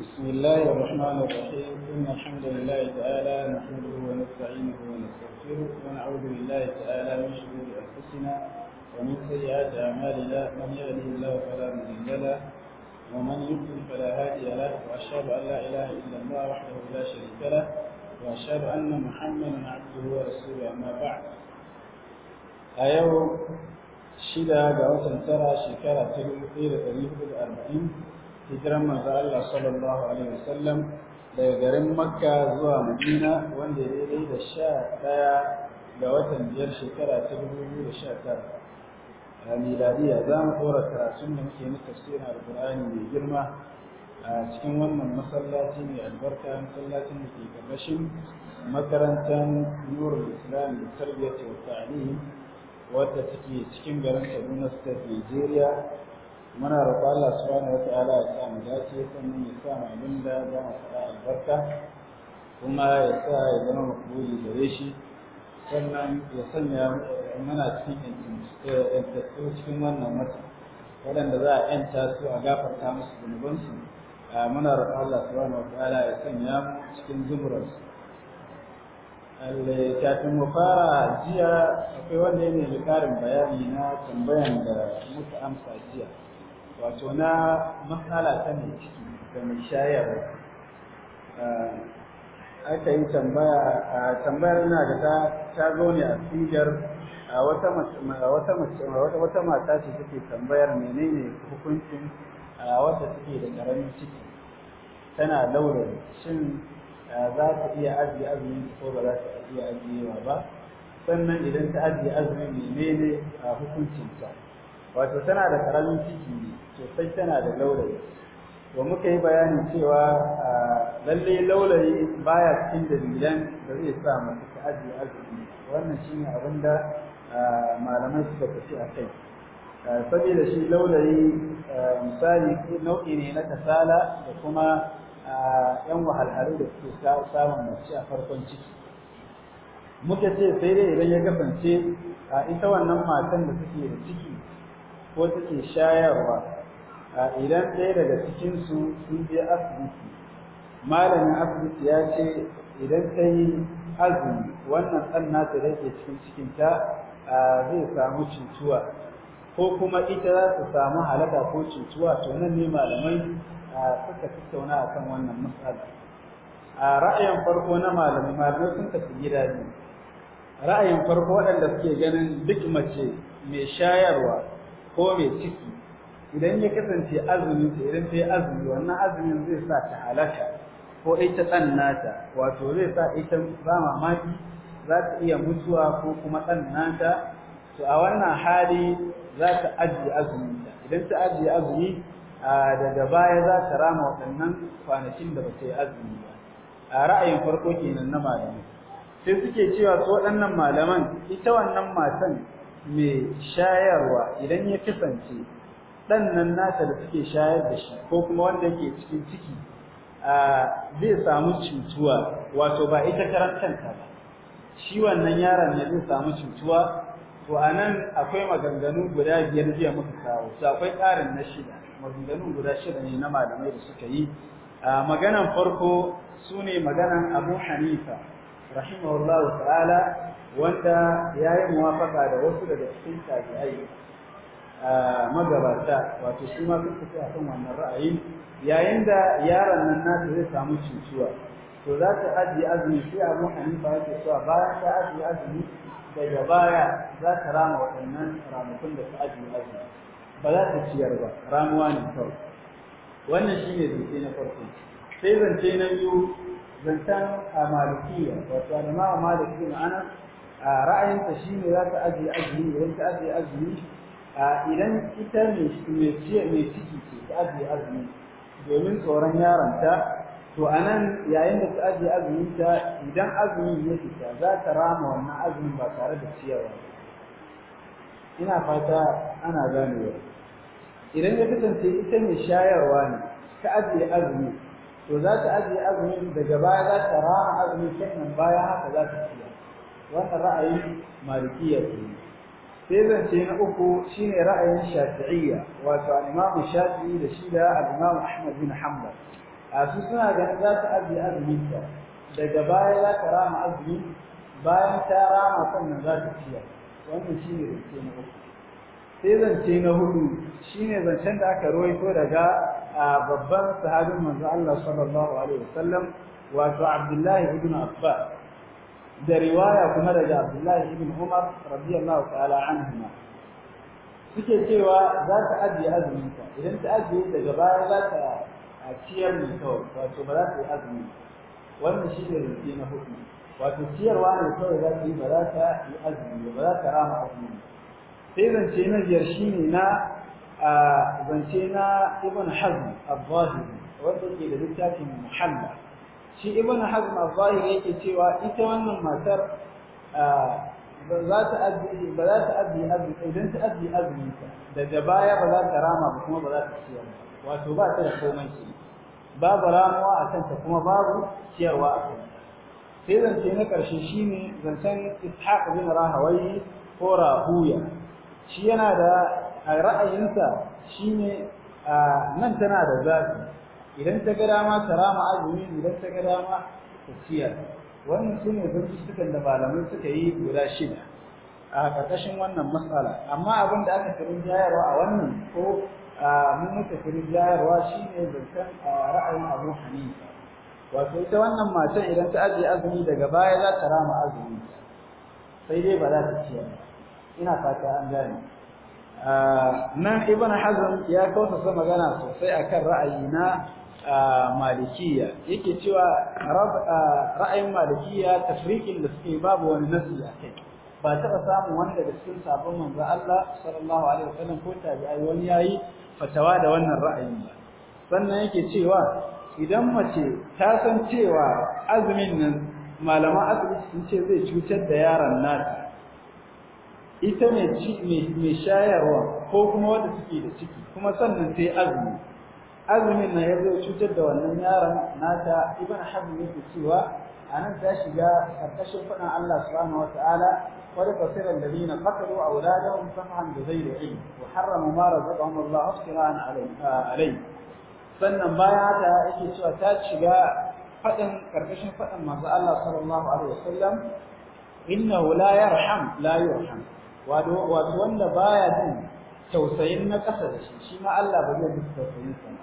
بسم الله الرحمن الرحيم إن الحمد لله تعالى نحمده ونستعينه ونستغفره ونعوذ بالله تعالى من شرور أنفسنا ومن سيئات أعمالنا من يهده الله فلا مضل له ومن يضلل فلا هادي له وأشهد أن لا إله إلا الله وحده لا شريك له وأشهد أن محمدا عبده ورسوله أما بعد أيوه شدة جوة ترى شكرا تلو إلى الأربعين hijiran manzo Allah sallallahu alaihi wasallam daga garin Makka zuwa Madina wanda ya daidai da sha ɗaya ga watan biyar shekara ta dubu biyu da sha tara a miladiya za mu ɗora karatun da muke na tafsirin alƙur'ani mai girma a cikin wannan masallaci mai albarka masallacin da ke gabashin makarantar nurul islam da tarbiyyar wata take cikin garin kaduna state nigeria muna roƙon Allah subhanahu wataala ya sa mu dace sannan ya sa mu abin da za mu fara albarka kuma ya sa ya zama makbuli gare shi sannan ya sanya mana cikin yantattu cikin wannan mata waɗanda za a yanta su a gafarta musu zunubansu muna roƙon Allah subhanahu wataala ya sanya mu cikin zumuransu kafin mu fara jiya akwai wanda ne da bayani na tambayan da muka amsa jiya wato na matsala ta mai ciki da mai shayarwa eh, aka yi tambaya tambayar na da ta ta zo ne a sigar a wata wata mace wata mata ce take tambayar menene hukuncin a wata take da karamin ciki tana daura shin za ta iya ajiye azumi ko ba za ta iya ajiyewa ba sannan idan ta ajiye azumi menene a hukuncinta wato tana da karamin ciki ne sosai tana da laulayi wa muka yi bayani cewa lalle laulayi baya cikin dalilan da zai sa masu ta ajiye azumi wannan shine abin da malamai suka tafi a kai saboda shi laulayi misali nau'i ne na kasala da kuma yan wahalhalu da suke samun mace a farkon ciki muka ce sai dai idan ya kasance ita wannan matan da suke da ciki ko suke shayarwa idan ɗaya daga cikinsu sun je asibiti malamin asibiti ya ce idan ta yi azumi wannan ɗan nata da ke cikin cikinta zai samu cintuwa ko kuma ita za ta samu halaka ko cintuwa to nan ne malamai suka tattauna a kan wannan matsala a ra'ayin farko na malamai malamai sun tafi gida ne ra'ayin farko waɗanda suke ganin duk mace mai shayarwa ko mai ciki idan ya kasance azumin ta idan ta yi azumi wannan azumin zai sa ta halaka ko ita tsannata wato zai sa ita ba mamaki za ta iya mutuwa ko kuma nata to a wannan hali za ta ajiye azumi idan ta ajiye azumi daga baya za ta rama waɗannan kwanakin da ba ta yi azumi ba a ra'ayin farko kenan na malamai sai suke cewa su waɗannan malaman ita wannan matan mai shayarwa idan ya kasance dan nan nata da suke shayar da shi ko kuma wanda yake cikin ciki zai samu cutuwa wato ba ita karantanta ba shi wannan yaron ne zai samu cutuwa to a nan akwai maganganu guda biyar jiya muka kawo to akwai ƙarin na shida maganganu guda shida ne na malamai da suka yi maganan farko sune maganan Abu Hanifa rahimahullahu ta'ala wanda yayi muwafaka da wasu daga cikin tabi'ai magabata wato shi ma sun ce akan wannan ra'ayin yayin da yaron nan nasu zai samu cutuwa to za ta ajiye azumi sai abu hanifa yake cewa bayan ta ajiye azumi daga baya za ta rama waɗannan ranakun da ta ajiye azumi ba za ta ciyar ba ramuwa ne kawai wannan shi ne zance na farko sai zance na biyu zancen a malikiya wato alama a malikiya ma'ana ra'ayinta shine za ta ajiye azumi idan ta ajiye azumi a idan ita mai ciki ce ta ajiye azumi domin tsoron ta, to a nan yayin da ta ajiye ta, idan azumin ya fita za ta rama wannan azumin ba tare da ciyarwa ina fata ana ganewa idan ya kasance ita mai shayarwa ne ta ajiye azumi to za ta ajiye azumin daga baya za ta rama azumin sannan baya haka za ta ciyar wannan ra'ayin malikiya ne sai zance na uku shine ra'ayin shafi'iyya wato al-imamu shafi'i da shi da al-imamu ahmad bin hanbal a su suna ganin za ta ajiye azumin ta daga baya za ta rama azumi bayan ta rama sannan za ta ciya wannan shine zance na uku sai zance na hudu shine zancen da aka rawaito daga babban sahabin manzo Allah sallallahu alaihi wasallam wato Abdullahi ibn Abbas da riwaya kuma daga Abdullahi ibn Umar radiyallahu ta'ala anhuma suke cewa za ta ajiye azumin ta idan ta ajiye daga baya za ta ciyar ne kawai wato ba za ta yi azumi wannan shi ne rufi na hudu wato ciyarwa ne kawai za ta yi ba za ta yi azumi ba za ta rama azumi sai zance na biyar shi ne na zance na ibn hazm al-zahiri wanda ke da littafin muhalla shi ibn hazm al-zahir yake cewa ita wannan matar ba za ta addi ba za ta addi idan ta addi azumi daga baya ba za ta rama ba kuma ba za ta ciyar wato ba ta da komai shi babu ramuwa a kanta kuma babu ciyarwa a kanta sai zance na ƙarshe shine zancen ishaq bin rahawayi ko rahuya shi yana da a ra'ayinsa shine nan tana da zafi idan ta ga dama ta rama azumi idan ta ga dama ta ciyar wannan su ne binciken da malamai suka yi guda shida a ƙarƙashin wannan matsala amma abin da aka firin jayarwa a wannan ko mun muka firin jayarwa shi ne zancen ra'ayin abu hanifa wato ita wannan matan idan ta ajiye azumi daga baya za ta rama azumi sai dai ba za ta ciyar ina fata an gane nan ibn hazm ya kausa magana sosai akan ra'ayi na malikiya yake cewa ra'ayin malikiya tafriqin da suke babu wani nasi a kai ba taɓa samun wanda da cikin sabon manzo Allah sallallahu alaihi wasallam ko tabi'ai wani yayi fatawa da wannan ra'ayin ba sannan yake cewa idan mace ta san cewa azumin nan malaman asibiti sun ce zai cutar da yaron nata ita mai shayarwa ko kuma wanda suke da ciki kuma sannan sai azumi azumin na ya zai cutar da wannan yaron nata ibn hazm yake cewa anan ta shiga karkashin faɗin Allah subhanahu wataala qad qasira alladhina qatalu awladahum safahan bighayri ilm wa harrama ma razaqahum Allah iftira'an alayhi sannan baya ta yake cewa ta shiga faɗin karkashin faɗin manzo Allah sallallahu alaihi wasallam innahu la yarham la yurham wato wanda baya jin tausayin na ƙasa da shi shi ma Allah ba zai ji tausayin sa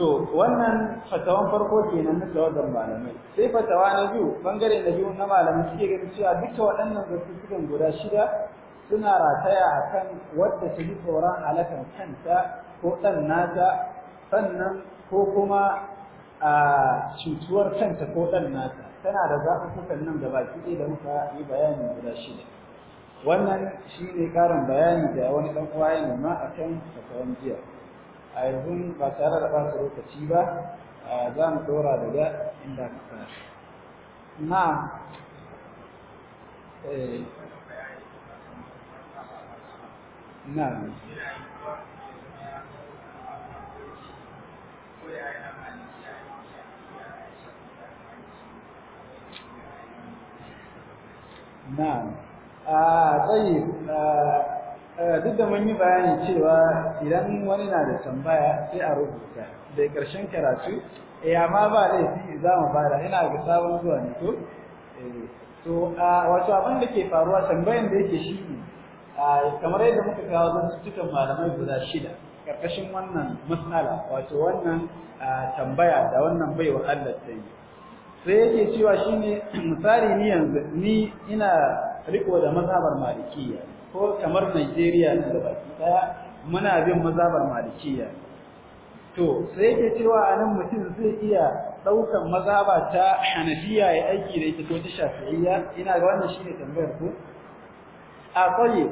to wannan fatawan farko kenan na tawagan malamai sai fatawa na biyu ɓangare na biyu na malamai suke ganin cewa duka waɗannan zartukan guda shida suna rataya akan wadda su ji tsoron halakan kanta ko ɗan nata sannan ko kuma a cutuwar kanta ko ɗan nata tana da zaɓuɓɓukan nan gaba ɗaya da muka yi bayani guda shida wannan shi ne ƙarin bayani da wani ɗan uwa ya nema akan fatawan jiya a yanzu ba tare da ɓata lokaci ba za mu ɗora daga inda ka fara na eh, na نعم آه طيب آه Eh, duk da mun yi bayanin cewa idan wani na da tambaya sai a rubuta da ƙarshen karatu eh amma ba laifi za mu fara ina ga sabon zuwa ne eh, to to wato abin da ke faruwa tambayan da yake shi ne kamar yadda muka kawo don cikin malamai guda shida ƙarƙashin wannan matsala wato wannan tambaya da wannan bai wa Allah ta yi sai yake cewa shine misali ni yanzu ni ina riko da mazhabar malikiyya ko kamar Najeriya da baki daya muna bin mazabar Malikiya to sai yake cewa anan mutum zai iya daukan mazhaba ta Hanafiya ya aiki da ita ko ta Shafi'iyya ina ga wannan shine tambayar ku a koyi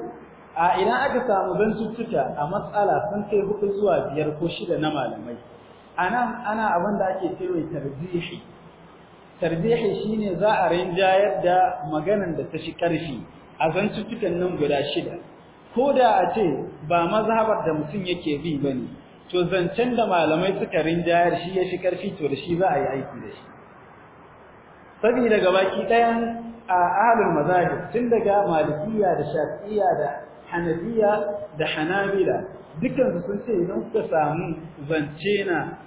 a idan aka samu bantuttuka a matsala sun kai hudu zuwa biyar ko shida na malamai anan ana abin da ake cewa tarjihi tarjihi shine za a rinjayar da maganan da ta shi karfi a zantuttukan nan guda shida ko da a ce ba mazhabar da mutum yake bi ba ne to zancen da malamai suka rinjayar shi ya shi karfi to da shi za a yi aiki da shi saboda baki ɗayan a ahlul mazahib tun daga malikiya da shafi'iyya da hanabiya da hanabila dukansu sun ce idan suka samu zance na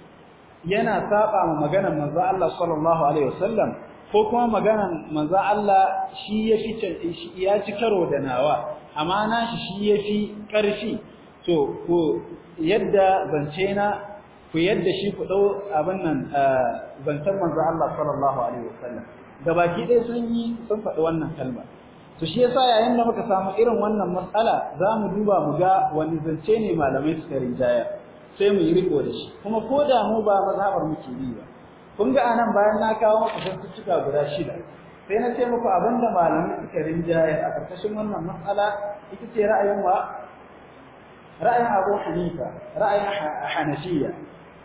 yana saba ma maganar manzo Allah sallallahu alaihi wasallam ko kuma magana manzo Allah shi ya shi ya ci karo da nawa amma na shi shi ya fi ƙarfi to ko yadda zance na ku yadda shi ku dau abin nan eh, zancen manzo Allah sallallahu alaihi wasallam baki ɗaya sun yi sun faɗi wannan kalma to shi yasa yayin da muka samu irin wannan matsala za mu duba mu ga wani zance ne malamai suka rinjaya sai mu yi riko da shi kuma ko da mu ba mazhabar muke yi ba kun ga anan bayan na kawo maka fassuttuka guda shida sai na ce muku da malamai suka rinjaye a ƙarƙashin wannan matsala ita ce ra'ayin wa ra'ayin Abu Hanifa ra'ayin hanashiya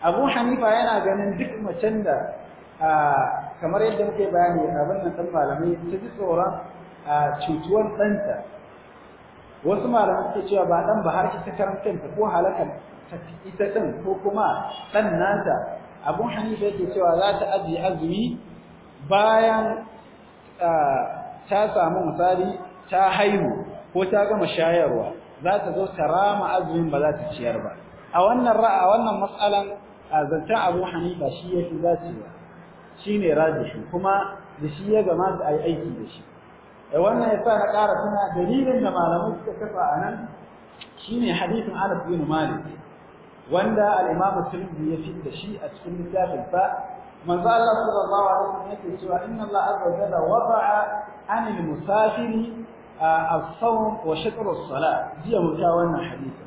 Abu Hanifa yana ganin duk macen da kamar yadda muke bayani abin nan san malamai ta ji tsoron cutuwan ɗanta wasu malamai suke cewa ba ɗan ba har ita karantanta ko halakar ita ɗin ko kuma ɗan nata abun hanifa yake cewa za ta ajiye azumi bayan ta samu misali ta haihu ko ta gama shayarwa za ta zo ta rama azumin ba za ta ciyar ba a wannan ra'a wannan matsalan zancen abu hanifa shi ya fi dacewa shi ne shi kuma da shi ya gama a yi aiki da shi eh wannan yasa na ƙara tuna dalilin da malamai suka kafa a nan shi hadisin anas bin malik wanda al-Imam Tirmidhi ya fi da shi a cikin littafin fa manzo Allah sallallahu alaihi wasallam yake cewa inna Allah azza wa jalla wada'a 'anil musafiri as-sawm wa shatr as-salah jiya mu ta wannan hadisi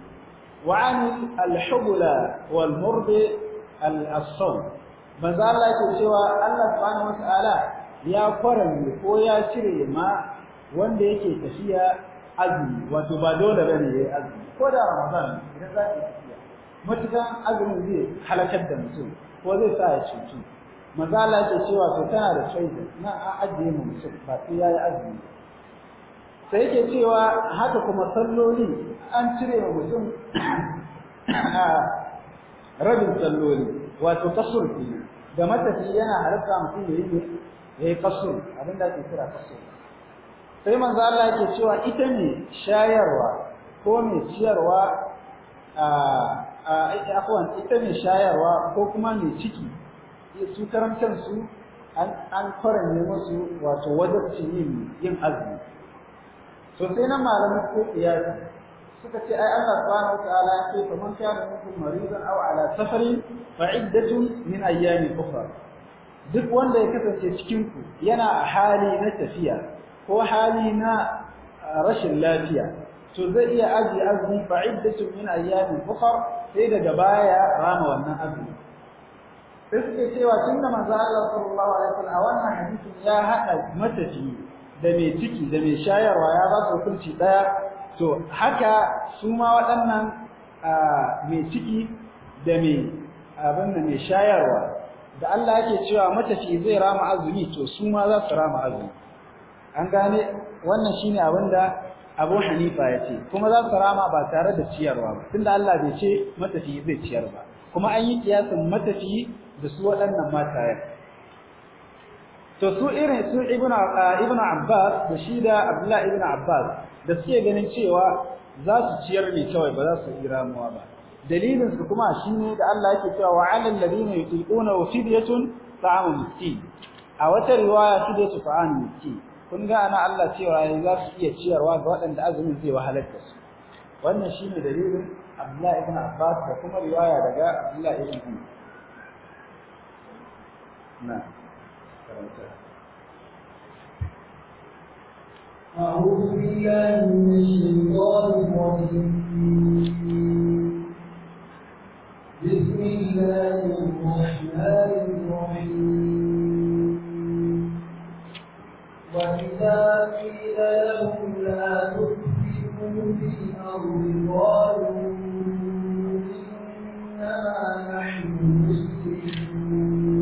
wa 'anil al-hubla wal murdi as-sawm manzo Allah yake cewa Allah subhanahu wa ta'ala ya kwaranne ko ya cire ma wanda yake tafiya azumi wato ba dole bane yayi azumi ko da Ramadan idan za ki matukan azumin zai halakar da mutum ko zai sa ya cutu mazala ce cewa to tana da shaida na a ajiye mu mutum ba sai yi azumi sai yake cewa haka kuma salloli an cire wa mutum a rabin salloli wato kasur kenan da matafi yana halatta mutum ya yi ya yi kasur abin da ake kira kasur sai manzo Allah yake cewa ita ne shayarwa ko mai ciyarwa a a afwan ita mai shayarwa ko kuma mai ciki su karamcin su an faranye musu wato wajabci yin yin azumi to sai nan malamin ko iyali suka ce ai Allah subhanahu wataala ya ce faman kana minkum maridan aw ala safarin fa iddatun min ayyamin ukhra duk wanda ya kasance cikin ku yana a hali na tafiya ko hali na rashin lafiya to zai iya aji azumi fa iddatun min ayyamin ukhra sai daga baya ya rama wannan azumi sai suke cewa tunda manzo Allah sallallahu alaihi wasallam a wannan hadisin ya hada matafi da mai ciki da mai shayarwa ya ba su hukunci daya to haka su ma waɗannan mai ciki da mai abin nan mai shayarwa da Allah yake cewa matafi zai rama azumi to su ma za su rama azumi an gane wannan shine abin da Abu Hanifa ya ce kuma za su rama ba tare da ciyarwa ba da Allah bai ce matafiyi zai ciyar ba kuma an yi kiyasin matafiyi da su waɗannan matayen to su irin su Ibn Abbas da shi da Abdullah Ibn Abbas da suke ganin cewa za su ciyar ne kawai ba za su yi ramuwa ba dalilin su kuma shine da Allah yake cewa wa 'alal ladina yutiquna fidyatun ta'amu miskin a wata riwaya fidyatu ta'amu miskin kun ga ana Allah cewa yayi za su iya ciyarwa ga waɗanda azumin zai wahalar da su wannan shine dalilin Abdullah ibn Abbas da kuma riwaya daga Abdullah ibn Umar na karanta أعوذ بالله من الشيطان الرجيم بسم الله الرحمن وإذا قيل لهم لا تفسدوا قالوا إنما نحن مسلمون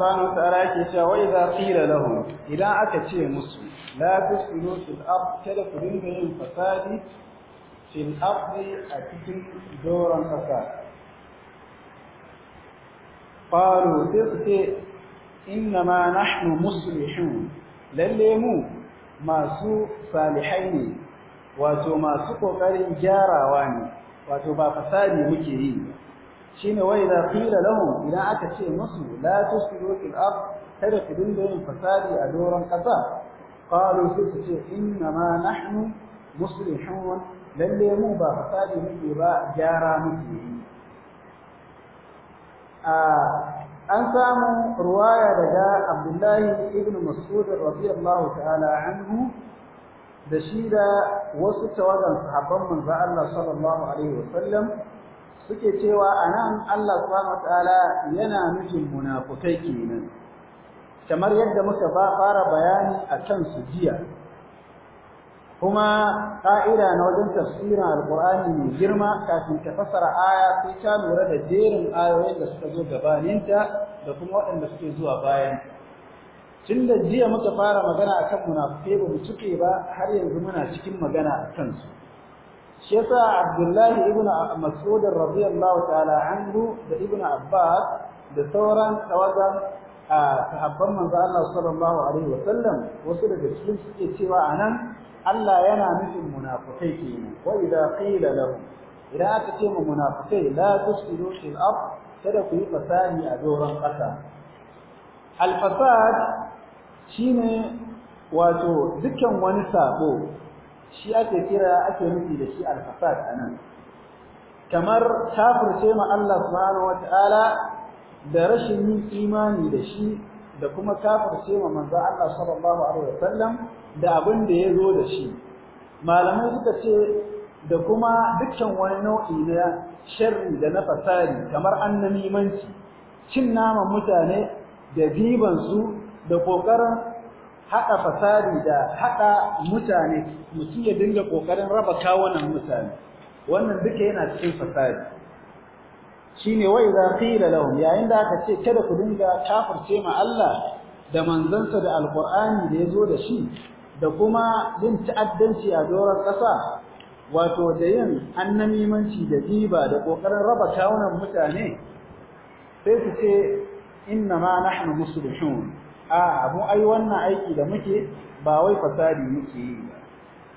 subhanahu wa ta'ala yake cewa wa idza qila lahum idan aka ce musu la tusilu fil ard kada ku dinga yin fasadi fil ard a cikin doron kasa qalu tilka inna ma nahnu muslihun lalle mu masu salihai ne wato masu kokarin gyarawa ne wato ba fasadi muke yi shine wai da qila lahum idan aka ce musu la tusiru fil ard kada ku dinga yin fasadi a doron kasa qalu sai su ce inna ma nahnu muslihun lalle mu ba fasadi muke ba gyara muke an samu ruwaya daga Abdullahi ibn Mas'ud radiyallahu ta'ala anhu da shi da wasu tawagan sahabban manzo Allah sallallahu alaihi wasallam suke cewa a nan, Allah subhanahu wataala yana nufin munafukai kenan kamar yadda muka fara bayani a can su jiya kuma ka'ida na wajen tafsirin Alƙur'ani mai girma kafin ta fasara aya sai ta lura da jerin ayoyin da suka zo gabaninta da kuma waɗanda suke zuwa bayan tun da jiya muka fara magana a akan munafukai ba mu cike ba har yanzu muna cikin magana a kansu. shi yasa Abdullahi ibn Mas'ud radiyallahu ta'ala anhu da ibn Abbas da sauran tawagan sahabban manzo Allah sallallahu alaihi wasu daga cikin suke cewa anan Allah yana nufin munafikai kenan wa idza qila lahum idan aka ce mu munafikai la tusidu fil ard kada ku yi fasadi a doron ƙasa al fasad shine wato dukkan wani sabo shi ake kira ake nufi da shi al-fasad anan kamar sai ma Allah subhanahu wataala da rashin yin imani da shi da kuma sai ma manzo Allah sallallahu alaihi wasallam da abin da yazo da shi malamai suka ce da kuma dukkan wani nau'i na sharri da na fasari kamar annamimanci cin naman mutane da giban su da kokarin haɗa fasari da haɗa mutane mutum ya dinga ƙoƙarin raba kawunan mutane wannan duka yana cikin fasari shine wai za launi. lahum yayin da aka ce kada ku dinga kafirce ma Allah da manzansa da alqur'ani da ya zo da shi da kuma yin ta'addanci a doron ƙasa wato da yin annamimanci da diba da ƙoƙarin raba kawunan mutane sai su ce inna ma nahnu muslihun A'a mu ai wannan aiki da muke ba wai fasadi muke yi ba,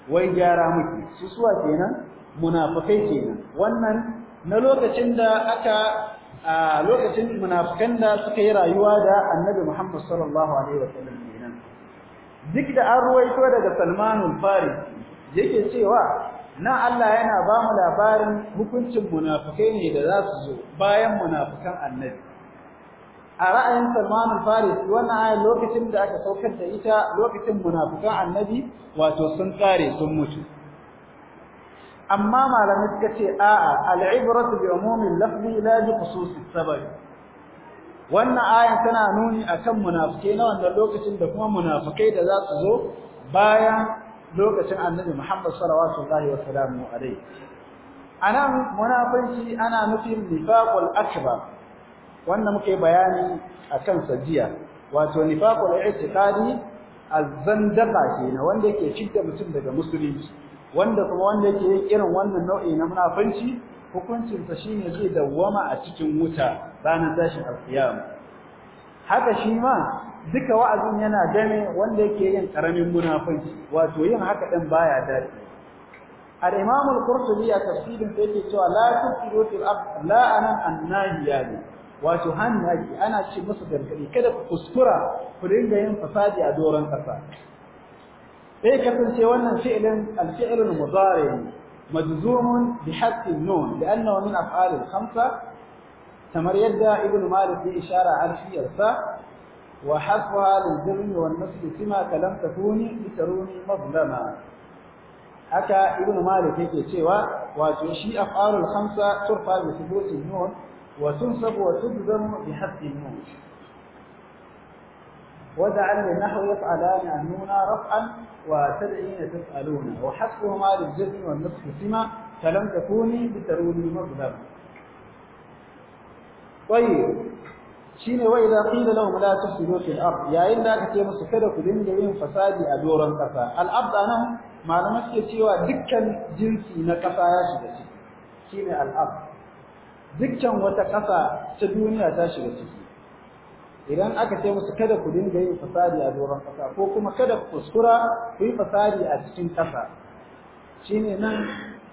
wai gyara muke su suwa kenan munafikai kenan wannan na lokacin da aka a lokacin munafikan da suka yi rayuwa da annabi Muhammad sallallahu alaihi sallam kenan duk da an ruwaito daga Salmanun Farisi yake cewa na Allah yana ba mu labarin hukuncin munafikai ne da za su zo bayan munafikan annabi a ra'ayin Salman al-Faris wannan ayar lokacin da aka saukar da ita lokacin munafikan annabi wato sun kare sun mutu amma malamai suka ce a'a al-ibratu bi umumin lafzi la bi khususis sabab wannan ayar tana nuni akan munafike na wannan lokacin da kuma munafikai da za su zo bayan lokacin annabi Muhammad sallallahu alaihi wasallam anan munafunci ana nufin nifaqul akbar wanda muke bayani akan sajiya wato nifaqul i'tiqadi az-zandaqa kenan wanda yake cinta mutum daga musulunci wanda kuma wanda yake yin irin wannan nau'i na munafanci hukuncin sa shine zai dawwama a cikin wuta ranar tashin alkiyama haka shi ma duka wa'azin yana game wanda yake yin karamin munafanci wato yin haka din baya dace al-imam al-qurtubi a tafsirin sa yake cewa la tuqiru til ard la anan annahiyani wato hannaki ana ce masa gargadi kada ku kuskura ku dinga yin fasadi a doron kasa sai kasance wannan fi'ilin al-fi'lun mudari majzumun bi hadd nun li'annahu min af'al al-khamsa kamar yadda ibn malik ya ishara sa. wa haswa lil-jirm wan-nasb kama kalam takuni litaruni mazlama haka ibn malik yake cewa wato shi af'al al-khamsa turfa bi thubuti nun وتنصب وتجزم بحذف النون ودعا لنحو يفعلان النون رفعا وتدعين تسألون وحذفهما للجزم والنصف سما فلم تكوني بترون مصدر طيب شين وإذا قيل لهم لا تفسدوا في الأرض يا الا لا تتيم السكرة كلين جميل فساد أدورا القفا الأرض أنا ما نمسك سوى دكا جنسي نكفا يا شبسي شين الأرض dukkan wata ƙasa ta duniya ta shiga ciki idan aka ce musu kada ku dinga yin fasadi a doron ƙasa ko kuma kada ku kuskura ku yi fasadi a cikin kasa shine nan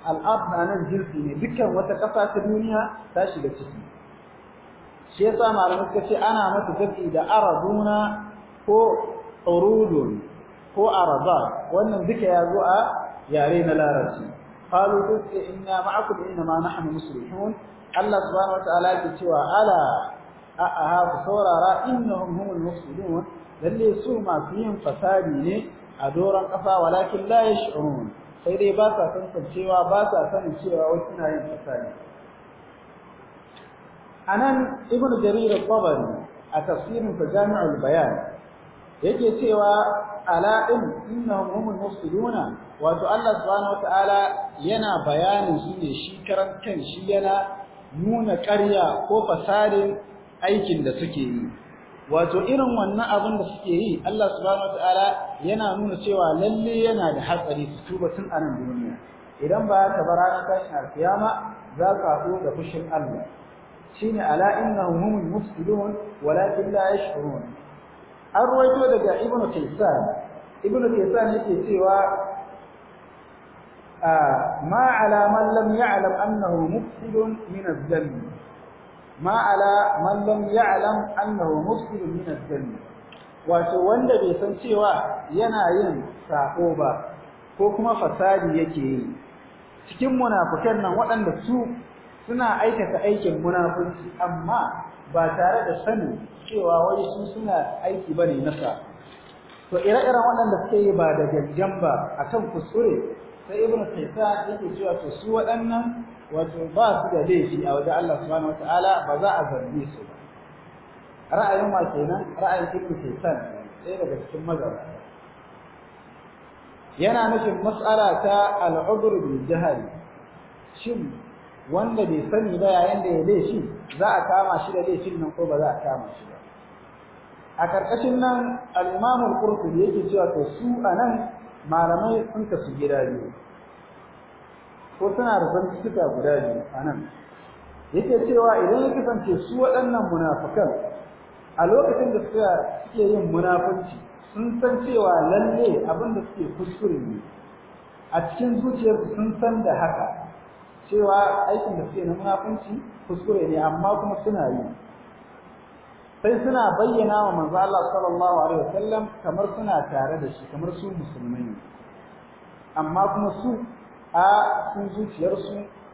al'ab na nan jinsi ne dukkan wata kasa ta duniya ta shiga ciki shi yasa malamai suka ce ana masa zafi da arazuna ko urudun ko wannan duka ya zo a yare na larabci قالوا إنا معكم إنما نحن مسلمون Allah subhanahu wataala ke cewa ala a'a ku saurara innahum humul mufsidun lalle su masu yin fasari ne a doron ƙasa walakin la yash'urun sai dai ba sa tantancewa ba sa sanin cewa wasu suna yin A anan ibnu jarir al a tafsirin sa jami'ul bayan yake cewa ala din innahum humul mufsiduna wato Allah subhanahu wataala yana bayanin shi ne shi karan kan shi yana nuna ƙarya ko fasarin aikin da suke yi wato irin wannan abin da suke yi Allah subhanahu wataala yana nuna cewa lalle yana da hatsari su tuba tun a nan duniya idan ba ka bar ranar tashin alkiyama za ka haɗu da fushin Allah shine ala innahum humul mufsidun walakin la yash'urun an ruwaito daga ibnu kaysan ibnu kaysan yake cewa ما على من لم يعلم أنه مفسد من الذنب ما على من لم يعلم أنه مفسد من الذنب wato wanda bai san cewa yana yin sako ba ko kuma fasadi yake yi cikin munafukan nan waɗanda su suna aikata aikin munafunci amma ba tare da sanin cewa wai su suna aiki bane na sako to ire-iren waɗanda suke yi ba da gaggan ba akan kuskure sai ibnu kaysa yake cewa to su waɗannan wato ba su da laifi a wajen Allah subhanahu wataala ba za a zargi su ba ra'ayin ma kenan ra'ayin ibnu kaysa ɗaya daga cikin mazhabata yana nufin mas'ala ta al'udur bil jahali shin wanda bai sani ba yayin da ya laifi za a kama shi da laifin nan ko ba za a kama shi ba a karkashin nan al'imamul yake cewa to su anan malamai sun kasu gida biyu ko suna da zantuka guda biyu a nan yake cewa idan ya kasance su waɗannan munafukan a lokacin da suka suke yin munafunci sun san cewa lalle abin da suke kuskure ne a cikin zuciyarsu sun san da haka cewa aikin da suke na munafunci kuskure ne amma kuma suna yi sai suna bayyana wa manzo Allah sallallahu alaihi wasallam kamar suna tare da shi kamar su musulmai ne amma kuma su a sun su,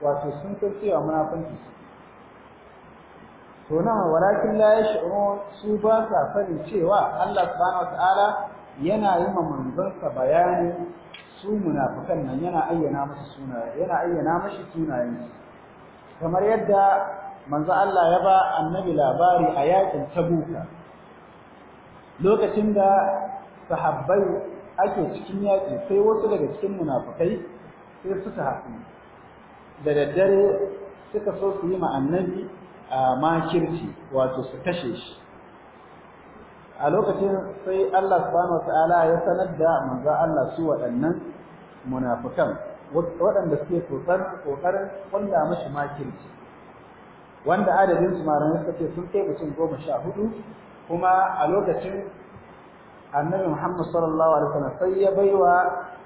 wato sun san cewa munafiki to na walakin la yash'urun su ba sa sani cewa Allah subhanahu wataala yana yi ma manzonsa bayani su munafikan nan yana ayyana musu suna, yana ayyana mashi sunayen kamar yadda manzo Allah ya ba annabi labari a yakin tabuka lokacin da sahabbai ake cikin yaki sai wasu daga cikin munafikai sai suka haɗu da daddare suka so su yi ma annabi a makirci wato su kashe shi a lokacin sai Allah subhanahu wataala ya sanar da manzo Allah su waɗannan munafikan waɗanda suke kokarin kokarin kwalla mashi makirci wanda adadin su malamai suka ce sun kai mutum goma sha hudu kuma a lokacin annabi Muhammad sallallahu alaihi wasallam sai ya baiwa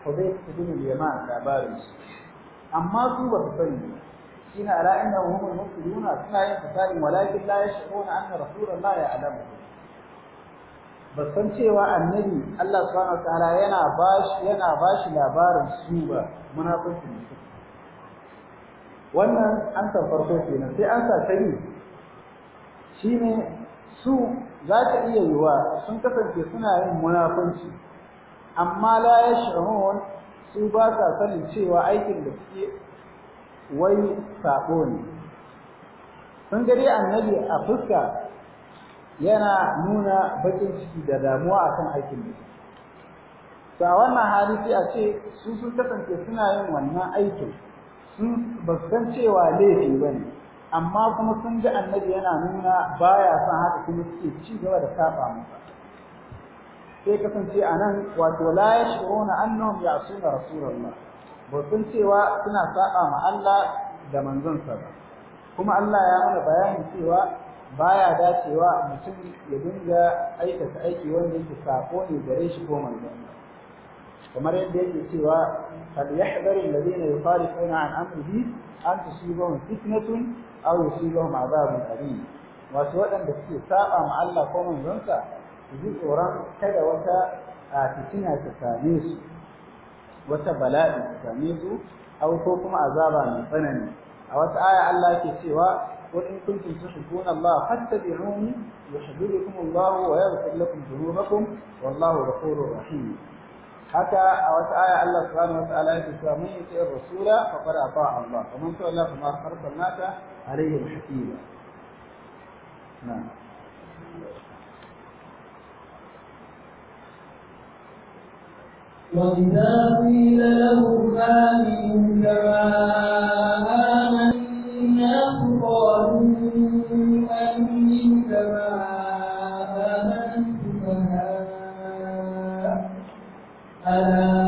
Hudayf ibn Yaman labarin su amma su ba su sani shine ala inna hum al-mufsidun suna yin fasari walakin la yashuruna anna rasulullah alamu. ba san cewa annabi Allah subhanahu wa ta'ala yana bashi yana bashi labarin su ba munafiqun wannan an san farko kenan sai an sa shi shine su za ka iya yiwa sun kasance suna yin munafunci amma la yash'urun su ba sa sanin cewa aikin da suke wai sabo ne sun gari annabi a fuska yana nuna bakin ciki da damuwa akan aikin da to a wannan hali a ce su sun kasance suna yin wannan aikin sun san cewa laifi ba ne, amma kuma sun ji annabi yana nuna baya son haka kuma suke ci gaba da saba masa sai kasance a nan wato la yashuruna annahum ya'suna rasulullah ba sun cewa suna saba ma Allah da manzonsa ba kuma Allah ya mana bayanin cewa baya dacewa mutum ya dinga aikata aiki wanda yake sako ne gare shi ko manzon kamar yadda yake cewa فليحذر الذين يخالفون عن امره ان تصيبهم فتنه او يصيبهم عذاب اليم wasu waɗanda suke saba ma Allah ko manzonsa su ji tsoron kada wata fitina ta same su wata bala'i ta same su au ko kuma azaba mai tsanani a wata aya Allah ke cewa qul in kuntum tuhibbuna Allah fattabi'uni yuhibbukum Allah wa yaghfir lakum dhunubakum wallahu ghafurur rahim حتى أوسعي آية الله سبحانه وتعالى إسلامية الرسول فقد أطاع الله ومن تولى فما الناس عليه حكيما. نعم. وإذا قيل له آمن كما آمن الناس قالوا ألا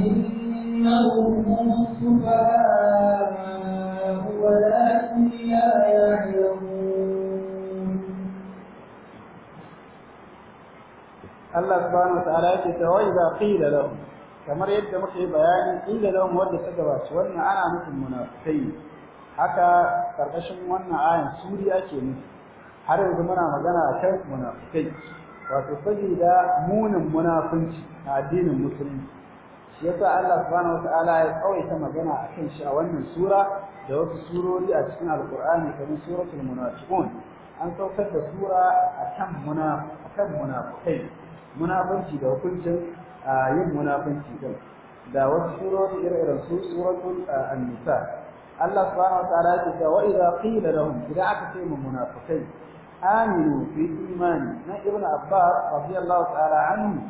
إنهم هم السفهاء ولكن لا يعلمون الله سبحانه وتعالى يقول وإذا قيل لهم kamar yadda muka yi bayani ƙila lahum wanda ta gabaci wannan ana nufin munafikai haka karkashin wannan ayan suri ake nufi har yanzu muna magana akan munafikai wato saboda munin munafunci a addinin musulunci shi yasa Allah subhanahu wataala ya tsawaita magana akan shi a wannan sura da wasu surori a cikin alqur'ani kamar suratul munafiqun an saukar da sura akan muna akan munafunci da hukuncin yin munafunci din da wasu surori irin su suratul an-nisa Allah subhanahu wataala ya ce wa idza qila lahum idan aka ce munafikai aminu fi imani na ibn abbas radiyallahu ta'ala anhu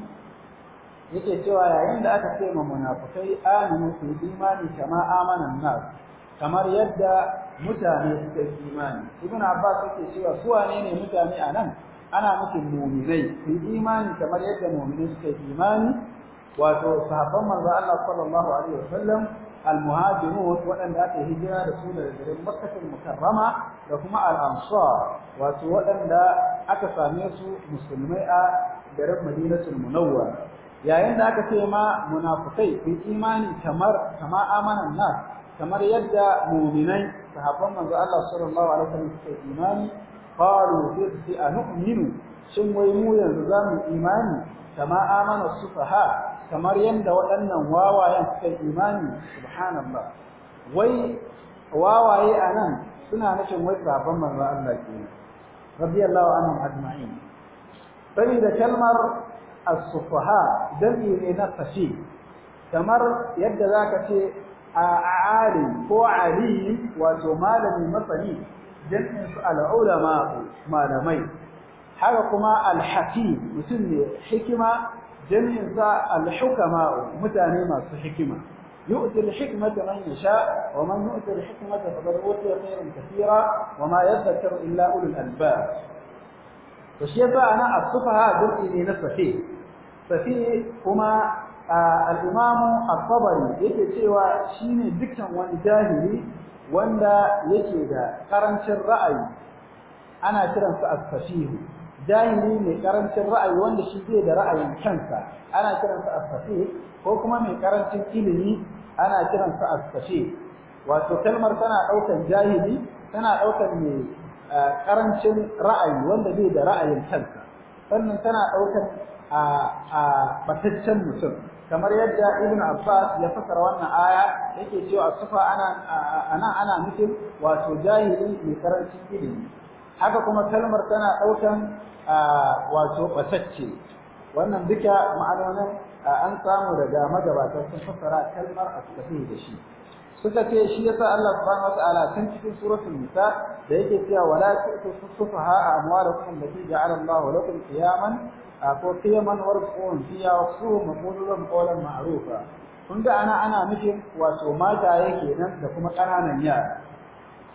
yake cewa yayin da aka ce ma munafikai aminu fi imani kama amanan nas kamar yadda mutane suka imani ibn abbas yake cewa su wane ne mutane anan ana nufin mu'minai fi imani kamar yadda mu'minai suka imani wato sahabban manzo Allah sallallahu alaihi wasallam المهاجرون waɗanda aka hijira da su daga garin Makkatul Mukarrama da kuma al-Ansar wato waɗanda aka same su musulmai a garin Madinatul Munawwar yayin da aka ce ma munafikai kun imani kamar kama amanan nas kamar yadda mu'minai sahabban manzo Allah sallallahu alaihi wasallam suka imani qalu fi anu'minu shin wai mu yanzu zamu imani kama amana sufaha kamar yadda waɗannan wawayen suka imani subhanallah wai wawaye a nan suna nufin wai sabon manzo Allah ke radiyallahu anhum ajma'in saboda kalmar as-sufaha dami ne na fashi kamar yadda zaka ce a'ali ko ali wato malami masani jami'in su al-ulama malamai haka kuma al-hakim mutum ne hikima jannin sa al-hukama mutane masu hikima yu'ti al-hikmata man yasha wa man yu'ti al-hikmata faqad utiya khayran katira wa ma yadhakkaru illa ulul albab to shi yasa ana asfaha gurbi ne na safi safi kuma al-imamu at yake cewa shine dukkan wani jahili wanda yake da karancin ra'ayi ana kiransa as-safihu jahili mai karancin ra'ayi wanda shi zai da ra'ayin kansa ana kiransa as ko kuma mai karancin ilimi ana kiransa as wato kalmar tana ɗaukan jahili tana ɗaukar mai eh, karancin ra'ayi wanda zai da ra'ayin kansa sannan tana ɗaukar a ɓataccen mutum kamar yadda ibn Abbas ya fasara wannan aya yake cewa as-safa ana ana ana nufin wato jahili mai karancin ilimi haka kuma kalmar tana ɗaukan wato ɓatacce wannan duka ma'anonin an samu daga magabata sun fassara kalmar a da shi suka ce shi yasa Allah subhanahu wataala tun cikin suratul nisa da yake cewa wala tu'tu sufaha amwalakum allati ja'ala Allah lakum qiyaman ko qiyaman warqun fiha wasuhum quluhum qawlan ma'rufa kun da ana ana nufin wato mata yake nan da kuma ƙananan yara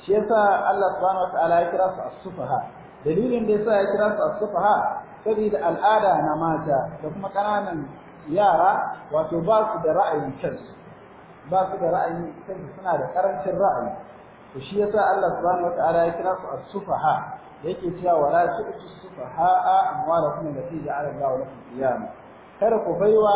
shi yasa Allah subhanahu wataala ya kira su as-sufaha dalilin da yasa ya kira su as-sufaha saboda al'ada na mata da kuma kananan yara wato ba su da ra'ayin kansu ba su da ra'ayi kansu suna da karancin ra'ayi to shi yasa Allah subhanahu wataala ya kira su as-sufaha yake cewa wala tu'tu as-sufaha amwalakum allati ja'ala Allahu lakum qiyama kada ku baiwa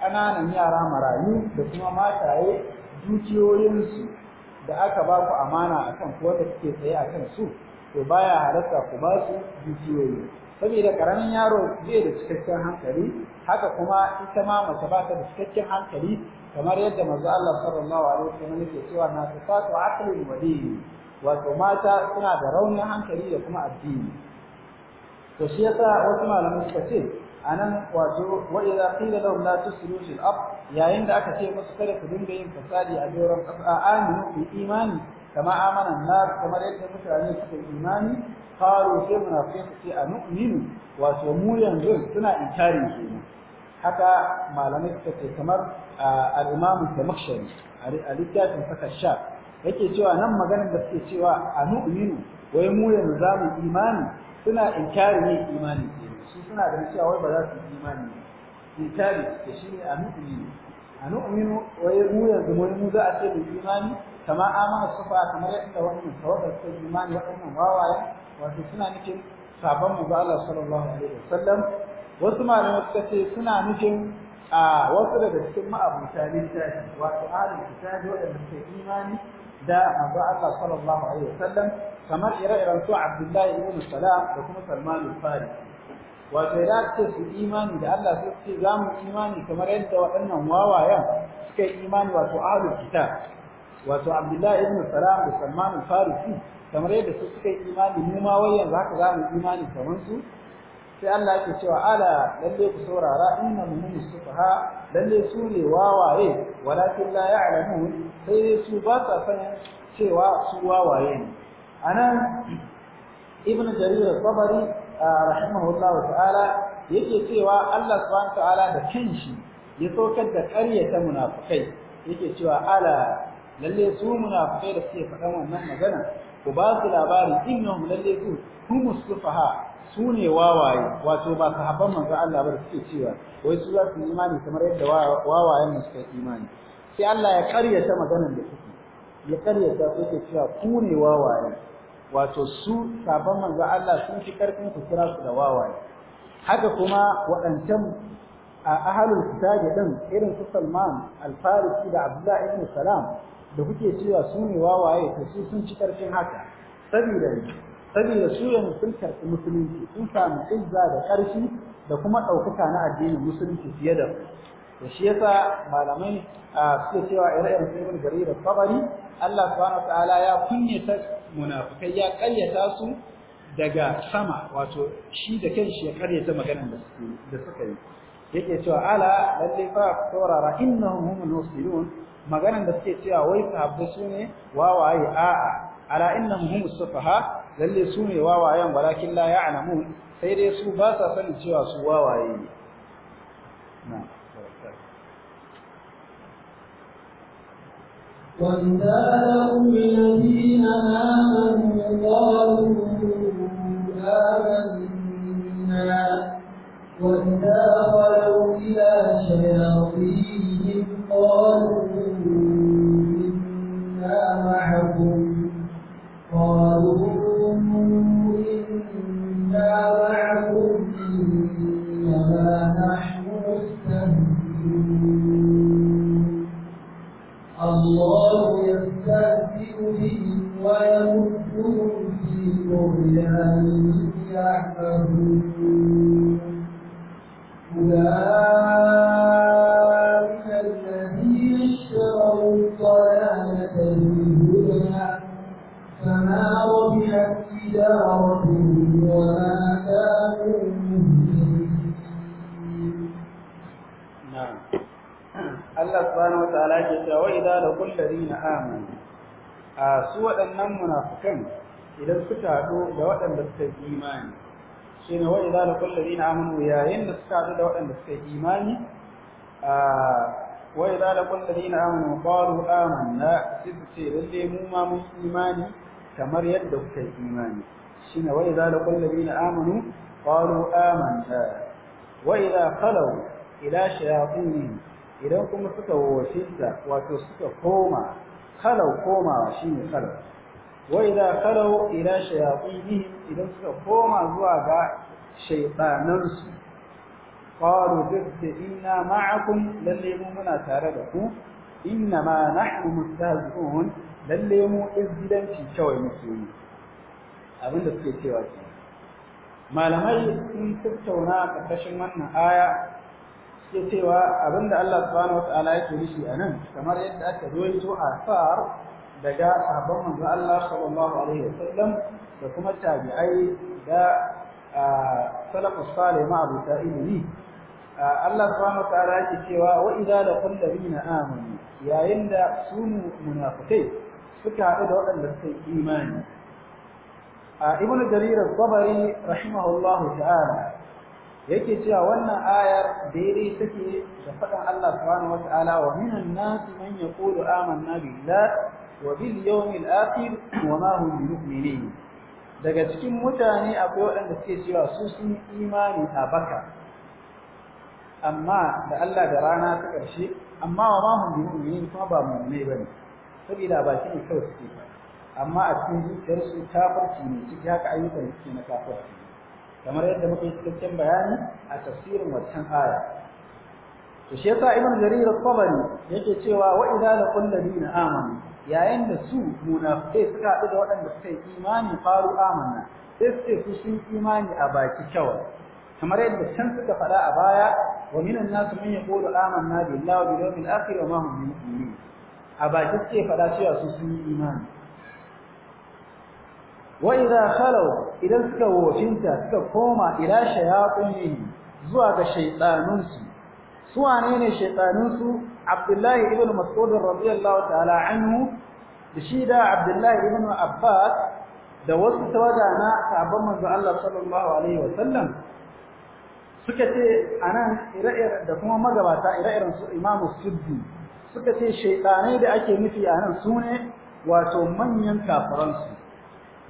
ƙananan yara marayu da kuma mataye dukiyoyinsu da aka ba ku amana akan ku wanda kuke tsaye kan su to baya halarta ku ba su jijiyoyi. saboda karamin yaro zai da cikakken hankali haka kuma ita ma mace ba ta da cikakken hankali kamar yadda manzo Allah sallallahu alaihi wasallam yake cewa na sifatu aqli wa dini wato mata suna da raunin hankali da kuma addini to shi yasa wasu malamai suka ce anan wato wa da qila lahum la tusiru fil ard yayin da aka ce musu kada ku dinga yin fasadi a doron kasa aminu fi imani kama amana nar kamar yadda mutane suke imani qalu sai munafiqu sai anu'minu wato mu yanzu suna inkari kenan haka malamai suka ce kamar al-imam al-makhshari a littafin fakar sha yake cewa nan maganar da suke cewa anu'minu wai mu yanzu mu imani suna inkari ne imani su suna da cewa wai ba za su yi imani misali da shi ne a ne. a mu'minu wai mu yanzu mu za a ce da imani kama amana sufa kamar yadda wannan tawakkal ta imani wannan wawaye wato suna nufin sabon mu sallallahu alaihi wasallam wasu malamai suka ce suna nufin a wasu daga cikin ma'abuta littafi wato ahlul kitabi wadanda suke imani da manzo Allah sallallahu alaihi wasallam kamar ire-iren su Abdullahi ibn Salam da kuma Salman al-Farisi wato idan aka su imani da Allah sai su za mu imani kamar yadda waɗannan wawayen suka yi imani wato ahlul kitab wato Abdullahi ibn Salam da Salman al-Farisi kamar yadda su suka yi imani mu ma yanzu haka za mu imani kamar su sai Allah yake cewa ala lalle ku saurara inna mu'minu sufaha lalle su ne wawaye walakin la ya'lamun sai su ba sa sanin cewa su wawaye ne anan ibn jarir al-tabari rahimahullahu ta'ala yake cewa Allah subhanahu ta'ala da kanshi ya saukar da ƙaryata munafikai yake cewa ala lalle su munafikai da suke faɗan wannan magana ku ba su labarin innahum lalle su su sufaha su ne wawaye wato ba sahabban manzo Allah ba da suke cewa wai su za su imani kamar yadda wawayen mu suka imani sai Allah ya ƙaryata maganar da suke ya ƙaryata su yake cewa ku ne wawaye wato su saban manzo Allah sun fi karfin ku kira su da wawaye haka kuma waɗancan a ahlul kitabi din irin su Salman al-Farisi da Abdullah ibn Salam da kuke cewa su ne wawaye to su sun ci karfin haka saboda saboda su yanzu sun musulunci sun samu izza da ƙarfi da kuma daukaka na addinin musulunci fiye da da shi yasa malamai suke cewa ire-iren sai mun gari da sabari Allah subhanahu wataala ya kunyata munafikai ya karyata su daga sama wato shi da kanshi ya karyata maganar da suke da suka yi yake cewa ala lalle fa saurara innahum humul mufsidun maganar da suke cewa wai sahabbai sune wawaye a'a ala innahum humus sufaha lalle sune wawayen walakin la ya'lamun sai dai su ba sa sanin cewa su wawaye وإذا لقوا الذين آمنوا قالوا آمنا وإذا خلوا cewa wa a su waɗannan munafikan idan suka haɗu da waɗanda suka yi imani shi ne idza laqul ladina amanu yayin da suka haɗu da waɗanda suka yi imani a wa idza yadda ladina amanu qalu amanna sibti lalle mu ma mun imani kamar yadda kuka yi imani shine wa idza laqul ladina amanu qalu amanna wa idza khalaw ila idan kuma suka ta wato suka koma kalau komawa shine kalau wa idza kalau ila shayatinihim idan suka koma zuwa ga su qalu tibta inna ma'akum lalle mu muna tare da ku inna ma nahnu mustahzi'un lalle mu izdanci kawai muke yi abinda suke cewa malamai sun tattauna a ƙarƙashin wannan aya ke cewa abinda Allah subhanahu wataala yake nishi a nan kamar yadda aka ruwaito a far daga sahabban manzo Allah sallallahu alaihi Sallam da kuma tabi'ai da Salafu salih ma abu ta'ili Allah subhanahu wataala yake cewa wa idza laqul ladina amanu yayin da su munafikai suka haɗu da waɗanda suka yi imani a ibnu jarir al-tabari rahimahullahu ta'ala yake cewa wannan ayar daidai take da faɗin Allah subhanahu wata'ala wa minan nasi man yaqulu amanna billahi wa bil yawmil akhir wa ma hum bimu'minin daga cikin mutane akwai waɗanda suke cewa su sun imani a baka amma da Allah da rana ta ƙarshe amma wa ma hum bimu'minin kuma ba mu'mini bane Sabida ba shi ne kawai suke amma a cikin zuciyarsu kafirci ne ciki haka ayyukan suke na kafirci kamar yadda muka yi cikakken bayani a tafsirin waccan aya to shi yasa ibn jarir at-tabari yake cewa wa idza laqul ladina amanu yayin da su munafikai suka haɗu da waɗanda suka yi imani faru amanna sai suke su sun imani a baki kawai kamar yadda can suka faɗa a baya wa minan nasu man yaqulu amanna billahi wa bil yawmil akhir wa ma hum mu'minin a baki suke faɗa cewa su sun yi imani wa idza khalaw idan suka wofinta suka koma ila shayatin zuwa ga shaytanun su su wane ne shaytanun su Abdullahi ibn Mas'ud radiyallahu ta'ala anhu da shi da Abdullahi ibn Abbas da wasu tawaga na sahabban manzo Allah sallallahu alaihi wa sallam suka ce anan ira'ir da kuma magabata ira'irin su Imam Suddi suka ce shaytanai da ake nufi anan sune wato manyan kafiransu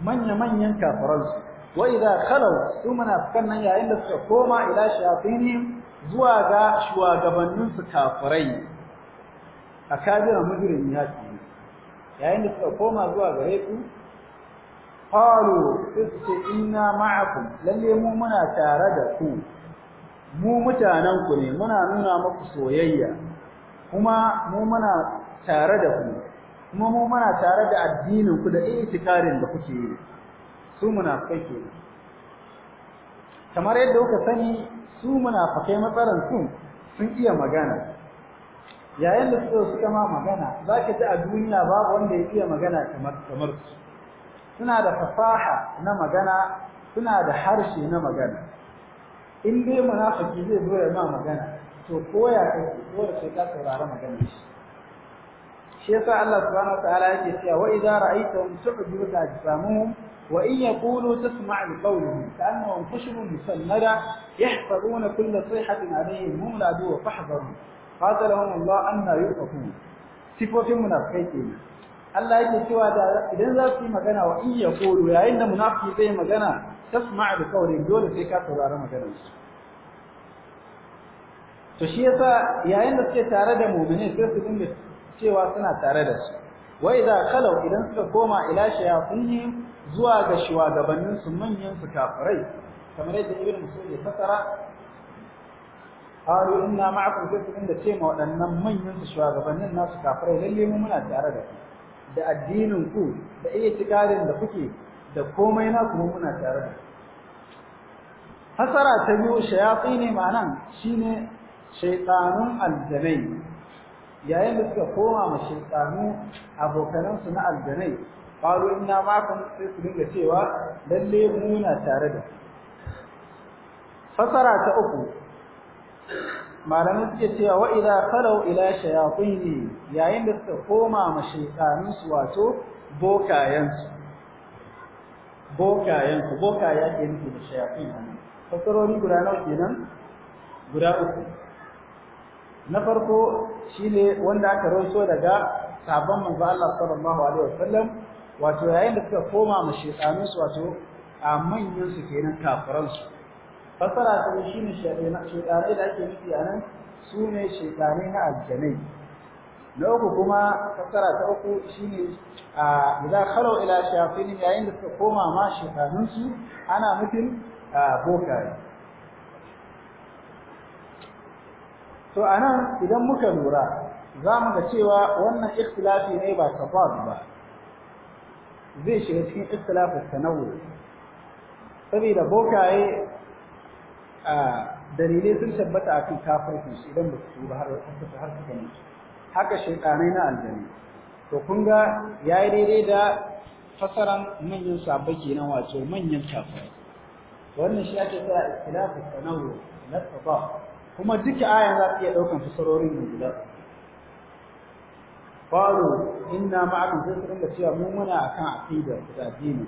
manya-manyan kafiransu wa idza khalaw su fakan nan yayin da suka koma ila shayatinihim zuwa ga shugabannin su kafirai akabira mujrim ya ce yayin da suka koma zuwa gare su qalu isti inna ma'akum lalle mu muna tare da ku mu mutanen ku ne muna nuna maku soyayya kuma mu muna tare da ku kuma mu muna tare da addinin ku da itikarin da kuke yi su munafikai kenan kamar yadda kuka sani su munafikai matsalan su sun iya magana yayin da suka suka ma magana zaka ji a duniya babu wanda ya iya magana kamar kamar su suna da fasaha na magana suna da harshe na magana in dai munafiki zai zo ya ma magana to koya ko da sai ka saurara magana shi شيخ الله سبحانه وتعالى يقول وإذا رأيتهم تعجبك أجسامهم وإن يقولوا تسمع لقولهم كأنهم خشب مسندة يحفظون كل صيحة عليهم هم لا دو فاحذروا قاتلهم الله أنا يؤفكون صفوف من أبقيتهم الله يقول إذا ذاتي مكانا وإن يقولوا يا إن منافقي في مكانا تسمع لقولهم دول في كاتب على مكانا to shi yasa yayin da suke tare da cewa suna tare da su wa idza kalau idan suka koma ila shayatinhim zuwa ga shugabannin su manyan su kafirai kamar yadda ibn musayyib ya fasara qalu inna ma'akum sai inda ce ma waɗannan manyan su shugabannin nasu kafirai lalle mu muna tare da su, da addinin ku da itikadin da kuke da komai na kuma muna tare da ku hasara ta biyu shayatin ne ma'anan shine shaytanun aljanai yayin da suka koma ma shaytanu abokanansu na aljanai qalu inna makon sai su dinga cewa lalle mu na tare da fasara ta uku malamai suke cewa wa ila khalu ila shayatini yayin da suka koma ma shaytanun wato bokayensu. bokayensu su bokaya ke nufi da hannu. fasarori guda nawa kenan guda uku na farko shine wanda aka rawaito daga sabon manzo Allah sallallahu alaihi wasallam wato yayin da suka koma ma shaytanu su wato a manyan su kenan kafiran su fasara ta shine shaytanu da ake nufi anan su ne shaytanu na aljanai na uku kuma fasara ta uku shine a idan kharo ila shayatin yayin da suka koma ma shaytanun su ana nufin bokaye to anan idan muka lura za mu ga cewa wannan ikhtilafi ne ba tafad ba zai shiga cikin ikhtilafin tanawu saboda bokaye a dalilai sun tabbata a cikin kafirci idan ba su ba har suka har suka haka shaytanai na aljani to kun ga yayi daidai da fasaran manyan sabbi kenan wato manyan kafirci wannan shi ake kira ikhtilafin tanawu na tafad kuma duka ayan za ta iya ɗaukan fasarorin nan guda qalu inna ma'akum sai su dinga cewa mu muna akan aqida da addini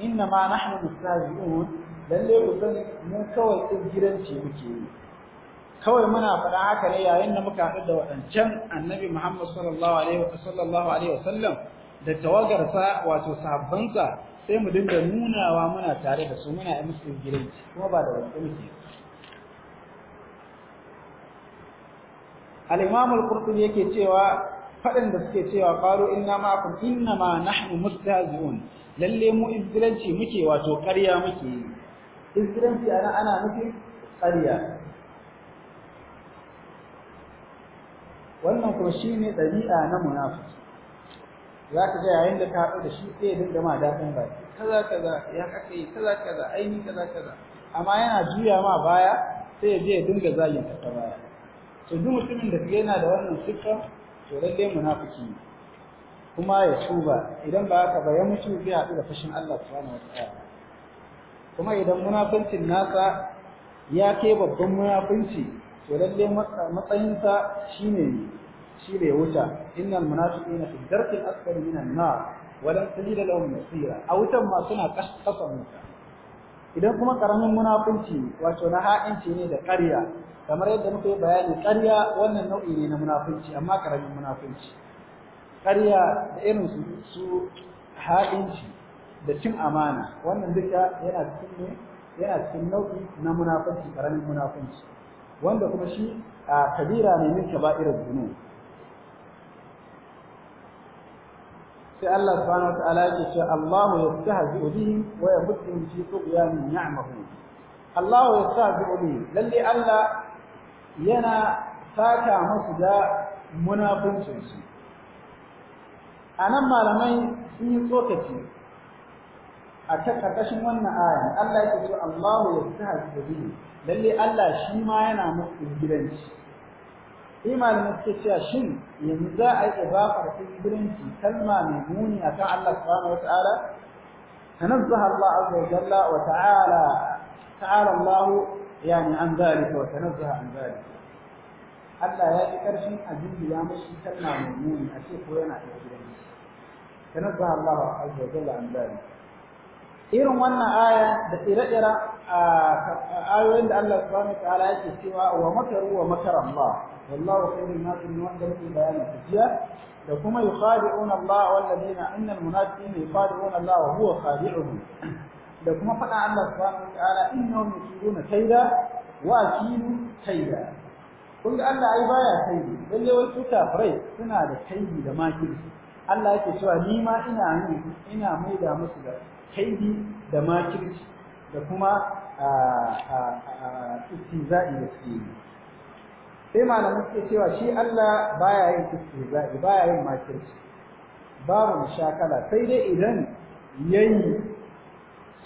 inna ma nahnu mustazi'un lalle ku san mu kawai tsingiranci muke yi kawai muna faɗa haka ne yayin da muka haɗu da waɗancan annabi Muhammad sallallahu alaihi wa sallallahu alaihi wasallam da tawagarsa wato sahabbansa sai mu dinga nunawa muna tare da su muna yi musu gidanci kuma ba da wanda muke al-imam al-qurtubi yake cewa faɗin da suke cewa qalu inna ma'akum inna ma nahnu mustahzi'un lalle mu izdiranci muke wato ƙarya muke izdiranci ana ana nufin ƙarya wannan kuma shine ɗabi'a na munafiki za ka ga yayin da ka haɗu da shi sai da ma daɗin ba kaza kaza ya kake yi kaza kaza aini kaza kaza amma yana juya ma baya sai ya je dinga zagin ta baya to duk mutumin da yana da wannan sifa to lalle munafiki ne kuma ya tuba idan ba haka ba ya mutu zai haɗu da fashin Allah subhanahu wataala kuma idan munafincin nasa ya kai babban munafinci to lalle matsayinsa shine shi ne wuta innal munafiqina fi dharkil asfali minan nar wa lan tajida lahum nasira a wutan ma suna kasan wuta idan kuma karamin munafunci wato na ha'inci ne da ƙarya kamar yadda muka yi bayani ƙarya wannan nau'i ne na munafunci amma karamin munafunci ƙarya da irin su su ha'inci da cin amana wannan duka yana cikin ne yana cikin nau'i na munafunci karamin munafunci wanda kuma shi a kabira ne min irin dhunub sai Allah subhanahu wataala yake cewa Allahu yastahzi'u bihim wa yabuttum fi tughyanin ya'mahun Allahu yastahzi'u bihim lalle Allah yana saka musu da munafincin su anan malamai sun yi tsokaci a ta karkashin wannan aya Allah yake cewa Allahu yastahzi'u bihim lalle Allah shi ma yana musu gidanci sai malamin suke cewa shin yanzu za a yi ibafar ibirinci kalma mai muni akan Allah subhanahu wata'ala tanazzaha Allah azza wa jalla wa ta'ala ta'ala Allah yani an zalika wa tanazzaha an zalika Allah ya ji karshen azubi ya mashi kalma mai muni a ce ko yana da ibirinci tanazzaha Allah azza wa jalla an zalika irin wannan aya da ire-ire a ayoyin da Allah subhanahu wata'ala yake cewa wa makaru wa makara Allah wallahu khairun nasin wanda muke bayani tafiya da kuma yukhadi'una Allah walladina innal munafiqina yukhadi'una Allah wa huwa khadi'uhum da kuma faɗa Allah subhanahu wa ta'ala innahum yakiduna kaida wa akidu kaida kun ga Allah ai baya kaidi lalle wai su kafirai suna da kaidi da makirci Allah yake cewa ni ma ina yin ina maida musu da kaidi da makirci da kuma istihza'i da suke yi sai malamin suke cewa shi Allah baya yin istihza'i baya yin makirci babu shakala sai dai idan yayi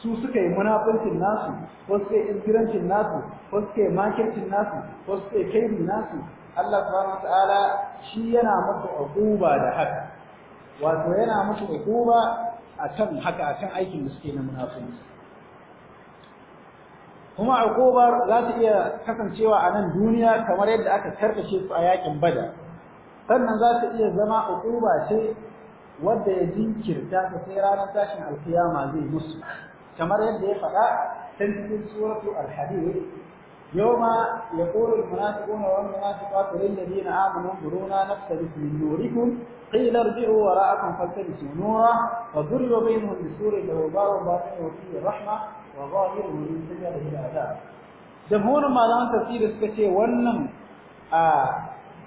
su suka yi munafincin nasu ko suka yi nasu ko suka yi makircin nasu ko suka yi nasu Allah subhanahu wataala shi yana musu uquba da haka wato yana musu uquba akan haka akan aikin da suke na munafinci kuma akobar za ta iya kasancewa a nan duniya kamar yadda aka karkashe su a yakin bada sannan za ta iya zama akoba ce wadda ya jinkirta ta sai ranar tashin alkiyama zai musu kamar yadda ya faɗa a cikin suratu alhadid yau ma ya kore munafiquna wa munafiqatu lil ladina amanu buruna naftaliku min nurikum qila irji'u wara'akum faltabisu nura wa duriba bainahum bisurin lahu babun batinihi wa fihi rahma jamhurin malaman da suka ce wannan a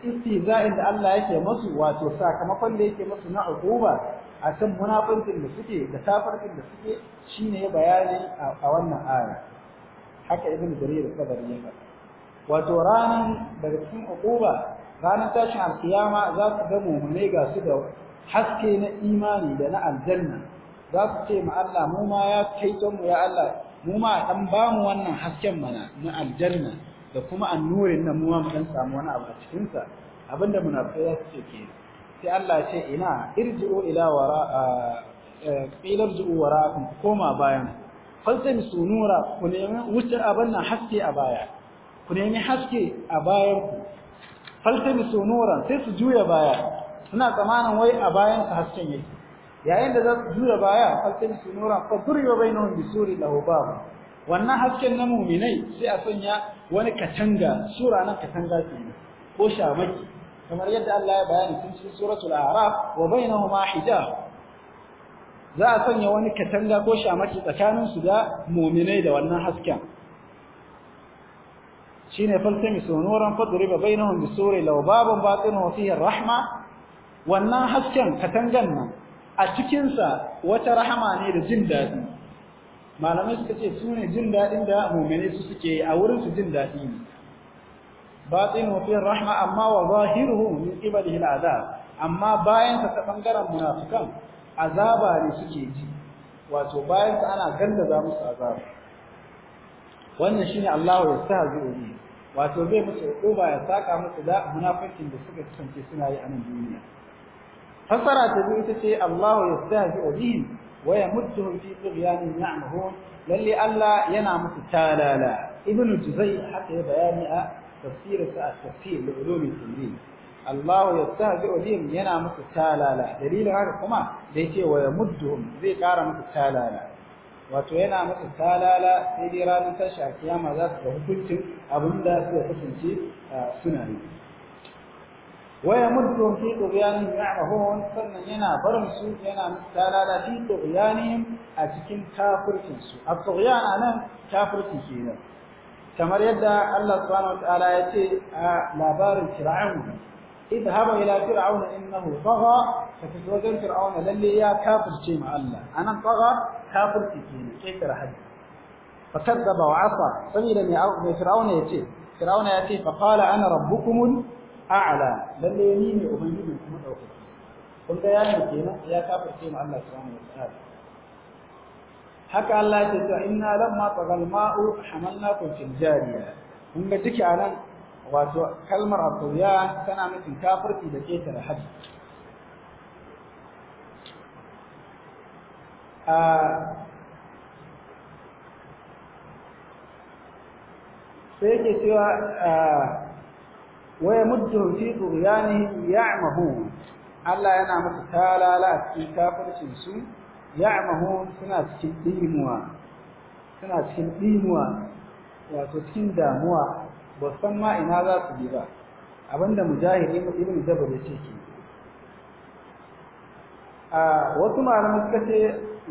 istiza'in da Allah yake masu wato sakamakon da yake masu na uquba akan munafincin da suke da kafircin da suke shine bayani a wannan aya haka ibn jarir sabari ya faɗa wato ranan daga cikin uquba ranan tashin alkiyama za su ga mu'mine ga su da haske na imani da na aljanna za su ce ma Allah mu ma ya kaito mu ya Allah mu ma dan ba mu wannan hasken mana na aljanna da kuma annurin nan mu ma mu dan samu wani abu a cikin sa abinda munafikai za su ce ke sai Allah ce ina irji'u ila wara qila irji'u wara'akum koma bayan falsami sunura ku nemi wucin abin nan haske a baya ku nemi haske a bayan ku falsami sunuran sai su juya baya suna tsamanin wai a bayan su hasken yake yayin da za su jura baya fasil sunura fa duriba bainahum bisuri lahu bab wannan hasken na mu'minai sai a sanya wani katanga sura nan katanga ce ko shamaki kamar yadda Allah ya bayani cikin suratul a'raf wa bainahuma hijab za a sanya wani katanga ko shamaki tsakanin su da mu'minai da wannan hasken shine faltamisu nuran fadriba bainahum bisuri law babun batinuhu fihi ar-rahma wannan hasken katangan nan a cikinsa wata rahama ne da jin daɗi malamai suka ce su ne jin daɗin da mummune su suke a wurin su jin daɗi ne batin wa fiye rahma amma wa zahiruhu min qibalihi al'azab amma bayan ta ɓangaren munafukan, azaba ne suke ji wato bayan ta ana za musu azaba wannan shine Allah ya sa zuwa wato zai musu uba ya saka musu da munafikin da suka kasance suna yi a nan duniya fasara ta biyu ita ce Allahu yastahzi'u bihim wa yamudduhum fi tughyanin ya'mahun lalle Allah yana musu talala ibn juzai haka ya bayani a tafsirinsa a tafsir ulumi tilmi Allahu yastahzi'u bihim yana musu talala dalilin haka kuma da yake wa yamudduhum zai kara musu talala wato yana musu talala sai dai ranar tashi a kiyama za su ga hukuncin da suka kasance suna yi ويمدهم في طغيانهم يعمهون فمن ينا برمسو ينا مستالالا في طغيانهم أتكين كافر تنسو الطغيان أنا كافر تنسينا كما يدى الله سبحانه وتعالى يتي آه، لابار فرعون اذهب إلى فرعون إنه طغى فتتوجد فرعون للي يا كافر تنسي مع الله أنا طغى كافر تنسينا كيف حد فكذب وعصى فرعون يتي فرعون يتي فقال أنا ربكم a'ala lalle ni ne ubangiji kuma daukaki kun ga yana kenan ya kafirce mu Allah subhanahu wa ta'ala haka Allah ya ce inna lamma tagal ma'u hamalnakum fil jariya kun ga duka anan wato kalmar atuya tana nufin kafirci da ketare haji a sai ke cewa wa yamudduhum fi tughyanihim ya'mahun Allah yana musu talala a cikin kafircin su ya'mahun suna cikin dimuwa suna cikin dimuwa wato cikin damuwa ba san ma ina za su bi ba abinda mujahid ibn jabr ya ce ke a wasu malaman suka ce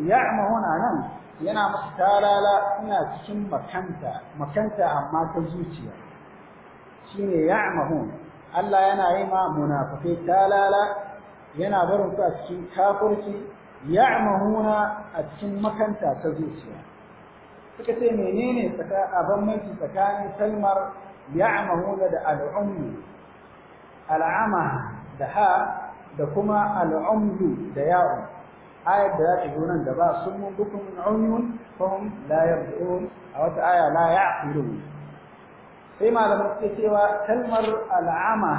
ya'mahuna nan yana musu talala suna cikin makanta makanta amma ta zuciya shine ya'mahun Allah yana yi ma munafikai talala yana barin su a cikin kafirci ya'mahuna a cikin makanta ta zuciya suka ce menene tsaka a tsakanin kalmar ya'mahuna da al'ummi al'ama da ha da kuma al'umlu da ya'u ayat da za ta zo da ba sun mun bukun umyun fahum la a wata aya la ya'qilun sai malamai suke cewa kalmar al'ama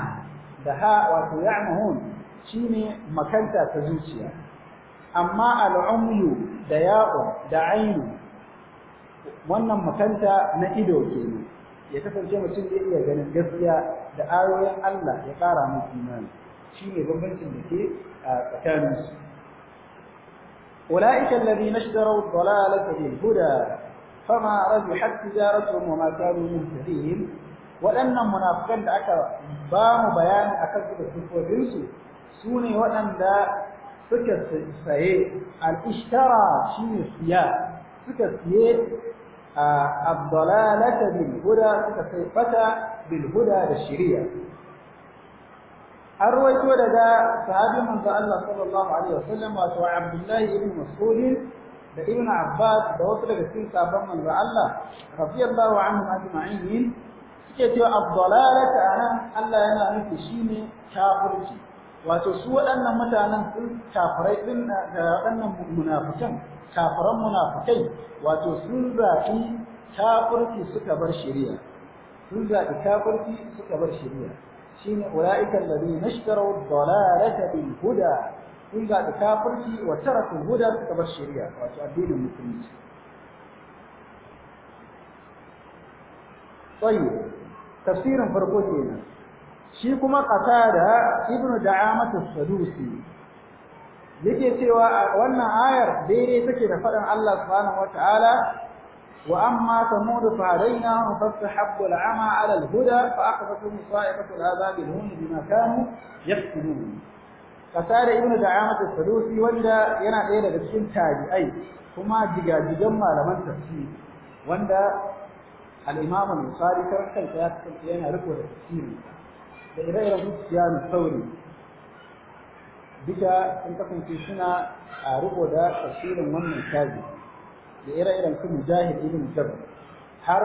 da ha wato ya'mahun shine makanta ta zuciya amma al'umyu da ya'u da ainu wannan makanta na ido kenan ya kasance mutum zai iya ganin gaskiya da ayoyin Allah ya ƙara musu imani shine bambancin da ke tsakaninsu أولئك الذين اشتروا الضلالة بالهدى فما ربحت تجارتهم وما كانوا مهتدين وأن منافقين أكا بام بيان أكا تكفوا جنسي سوني وأن دا فكر سيء الاشترى شيء سيء فكر سيء آه، الضلالة بالهدى فكر سيء بالهدى للشريعة أرويت ولدا صحابي من الله صلى الله عليه وسلم وعبد الله بن مسعود da ibn abbas da wasu daga cikin sabon manzo Allah radiyallahu anhum ajma'in suke cewa ad-dalalata ana Allah yana nufi shine kafirci wato su waɗannan mutanen sun kafirai din da waɗannan munafikan kafiran munafikai wato sun zaɓi kafirci suka bar shari'a sun zaɓi kafirci suka bar shari'a shine ulaika alladhina ishtaraw ad-dalalata bil huda sun da kafirci wa taraku huda suka bar shari'a wato addinin musulunci tsayi tafsirin farko kenan shi kuma qatada ibnu da'amatu sadusi yake cewa wannan ayar daidai take da faɗin Allah subhanahu wataala wa amma samud fa hadainahum fastahabbu al'ama 'ala al-huda fa akhadhatuhum musa'ibatu al azabi hum bima kanu yaktubun Qatada ibn Da'amat as-Sadusi wanda yana ɗaya daga cikin tabi'ai kuma jigajigan malaman tafsiri wanda al-Imam al-Bukhari kan ya kasance yana riko da tafsiri da ire-iren Sufyan al-Thawri duka sun kasance suna a riko da tafsirin wannan tabi da ire-iren su Mujahid ibn Jabr har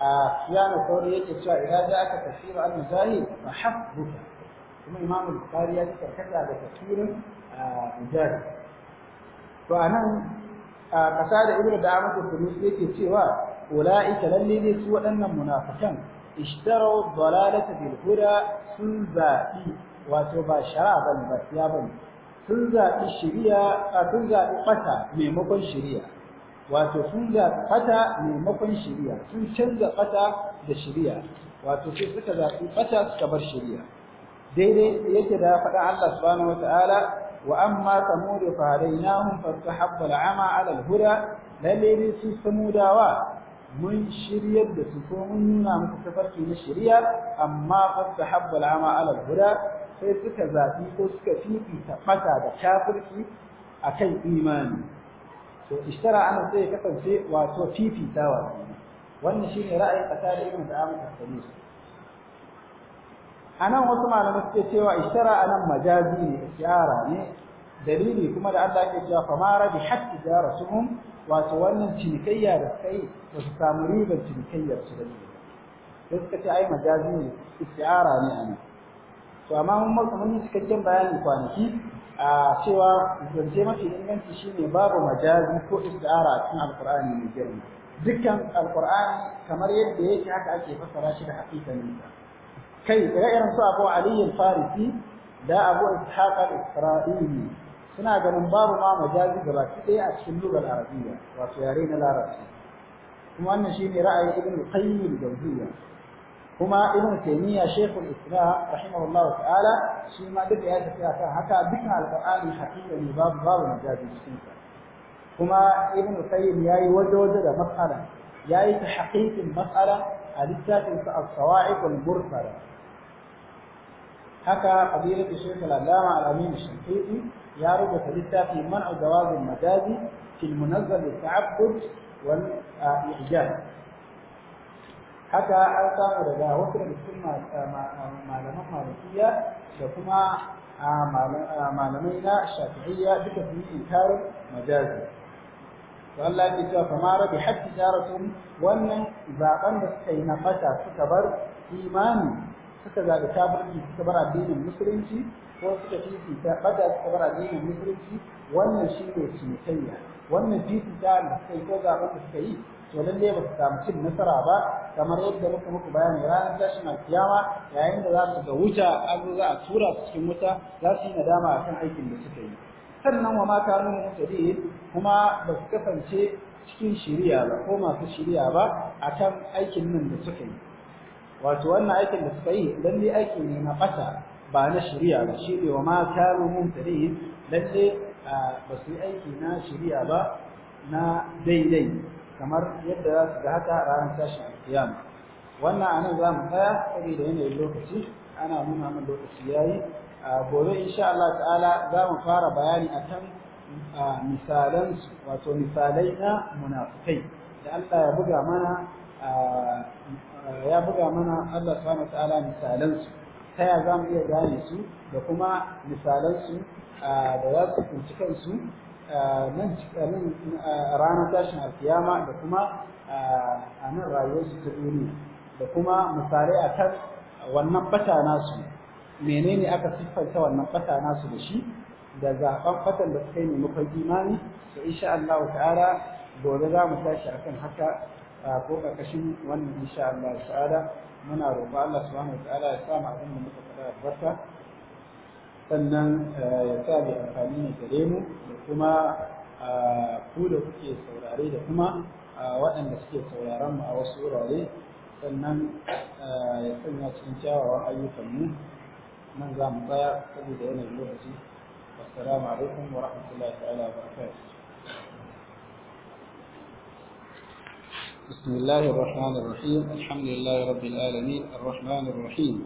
a Sufyan al yake cewa idan za ka tafsira al-Mujahid fa hasbuka kuma imam bukhari ya karkata da tafsirin mujahid to a ƙasa da irin ibnu da'amatu tunus yake cewa ulaika lalle ne su waɗannan munafikan ishtaraw dalalata bil huda sun zaɓi wato ba shara bane ba ya bane sun zaɓi shiriya a sun zaɓi fata maimakon shiriya wato sun zaɓi fata maimakon shiriya sun canza fata da shiriya wato sai suka zaɓi fata suka bar shiriya daidai yake da faɗa Allah subhanahu wataala wa amma samud fa hadainahum fastahabba al'ama 'ala al-huda lalle su samudawa mun shiryar da su ko mun nuna muku tafarki na shari'a amma fastahabba al'ama 'ala al-huda sai suka zafi ko suka fifita fata da kafirci akan imani to ishtara ana sai kasance wato fifitawa wannan shine ra'ayin qatada ibn da'am al-khamis anan wasu malamai suke cewa ishtara anan majazi ne isyara ne dalili kuma da Allah yake cewa fa mara bi hatta wa wannan cinikayya da kai, yi ba su samu ribar cinikayyar su da ne suka ce ai majazi ne isyara ne anan to amma mun mun cikakken bayani kwanaki a cewa zance mafi inganci shine babu majazi ko isyara a cikin alqur'ani ne girma dukkan alqur'ani kamar yadda yake haka ake fassara shi da hakikaninsa kai ire-iren su abu aliyu farisi da abu ishaq al-isra'ili suna ganin babu ma majazi gabaki ɗaya a cikin lugar arabiya wato yare na larabci kuma wannan shine ra'ayin ibn qayyim al-jawziyya kuma ibn taymiya shaykh al-islam rahimahullahu ta'ala shi ma duka ya tafi akan haka duka al-qur'ani haqiqa ne babu babu majazi cikin sa kuma ibn qayyim yayi waje waje da mas'ala yayi ta haqiqin mas'ala a littafin sa as-sawa'iq al-mursala حكى قبيلة الشيخ على أمين الشنقيطي يارب حديثها في منع جواز المجاز في المنزل للتعبد والإعجاز. حكى حلقة رجاء وكرة للسنة معلمة مالكية آه، ما آه، لمينا الشافعية بكثير إنكار مجازي. وقال الله جل وعلا فما ربي جارة وأن إذا قمت أين قتا في إيماني suka zaɓi kafirci suka bar addinin musulunci ko suka fifita bada suka bar addinin musulunci wannan shi ne cinikayya wannan ta da suka yi ko zaɓen da suka yi to lalle ba su samu cin nasara ba kamar yadda muka muku bayani ranar tashin alkiyama yayin da za su ga wuta an zo za a tura su cikin wuta za su yi nadama a kan aikin da suka yi sannan wa ma nuna mutadin kuma ba su kasance cikin shirya ba ko masu shirya ba a kan aikin nan da suka yi wato wannan aikin da suka yi lalle aiki ne na fata ba na shari'a ba shi ne wa ma kanu mumtari lalle ba su yi aiki na shari'a ba na daidai kamar yadda za su ga haka ranar tashin alkiyama wannan anan za mu tsaya saboda yanayin lokaci ana nuna min lokaci yayi gobe insha Allah ta'ala za mu fara bayani akan misalan wato misalai na munafukai da Allah ya buga mana ya buga mana Allah subhanahu ta'ala misalan su ta ya zamu iya gane su da kuma misalan su da za su kunci kansu nan cikin ranar tashin alkiyama da kuma a nan rayuwarsu ta duniya da kuma misalai a kan wannan fata nasu menene aka siffanta wannan fata nasu da shi da zaɓen fatan da suka yi maimakon imani to insha Allah ta'ala gobe za mu tashi akan haka ko ƙarƙashin wannan insha Allah ta'ala muna roƙo Allah subhanahu ta'ala ya sa mu abin da muka faɗa albarka sannan eh, ya sa amfani ne gare mu da kuma ku da kuke saurare da kuma waɗanda suke sauraron mu a wasu wurare sannan ya sanya cikin kyawawan ayyukanmu nan za mu tsaya saboda yanayin lokaci wassalamu alaikum wa rahmatullahi ta'ala wa barakatuh بسم الله الرحمن الرحيم الحمد لله رب العالمين الرحمن الرحيم